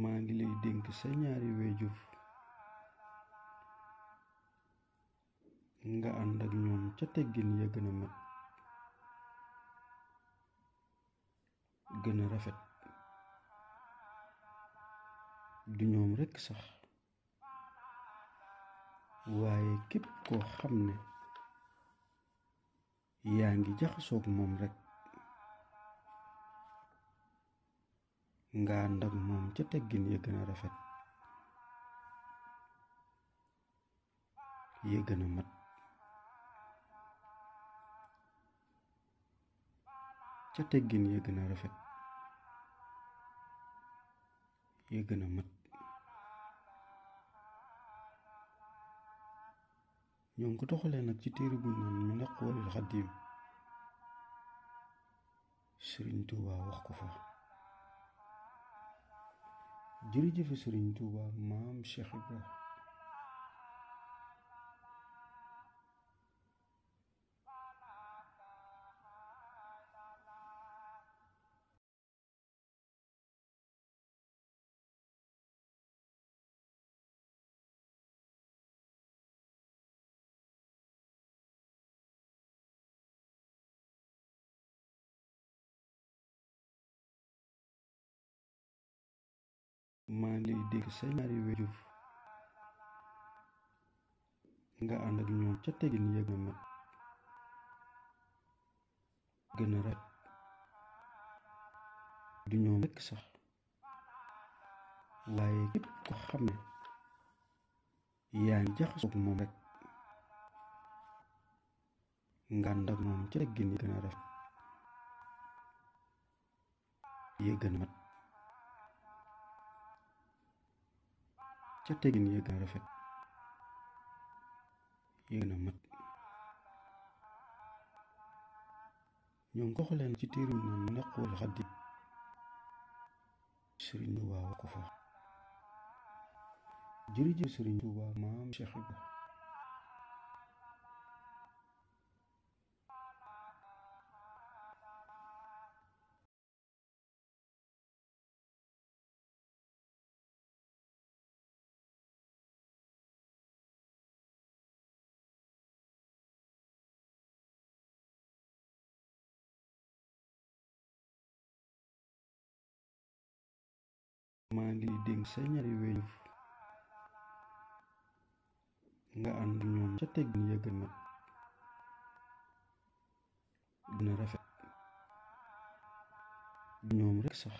maa ngi lay dénk sa ñaari wéjur nga ànd ak ñoom ca teggin ya gën a mat gën a rafet du ñoom rekk sax waaye képp koo xam ne yaa ngi jaxasoog moom rekk nga ànd moom ca teggin ya gën rafet ya gën a mat gën rafet ya gën a ñoo ngi ko toxalee nag ci téere bu naan mi naqoolil xaddiim Sëriñ Tuubaa wax ko fa jërëjëfe Sëriñ Tuuba maam Cheikh Ibrahima maa ngi lay dénk sa ñaari waajur nga ànd ak ñoom ca tegin ya gën a mat gën a rafet du ñoom rekk sax waaye képp ko xam ne yaa ngi jaxasoog moom rek nga ànd moom ca tegin ya gën a rafet ya gën mat ca tegin yee a rafet yee gën a mat ñoom koxleen ci téerim noonu naqul xaddi sëriñ Tuubaa wa ko fa jërëjëf sëriñ Tuubaa maam Cheikh Ibra maa ngi dénk sa ñaari wéññeef nga ànd ñoom ca teggin ya gën a gën rafet ñoom rekk sax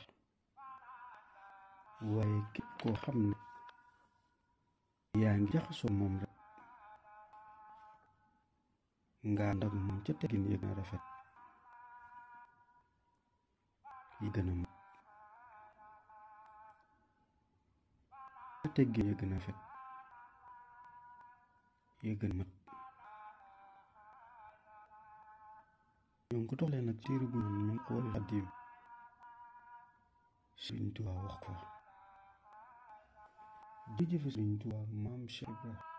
waaye képp koo xam ne yaa ngi jaxasoo moom rekk nga ànd moom ca teggin ya gën rafet yi gën a teggin ya gën a fet ya gën mat ñoom ko toxlee nag téere bu naan min xooli xaddim Sëriñ Tuubaa wax ko jëjëfe Sëriñ Tuubaa maam Cheikh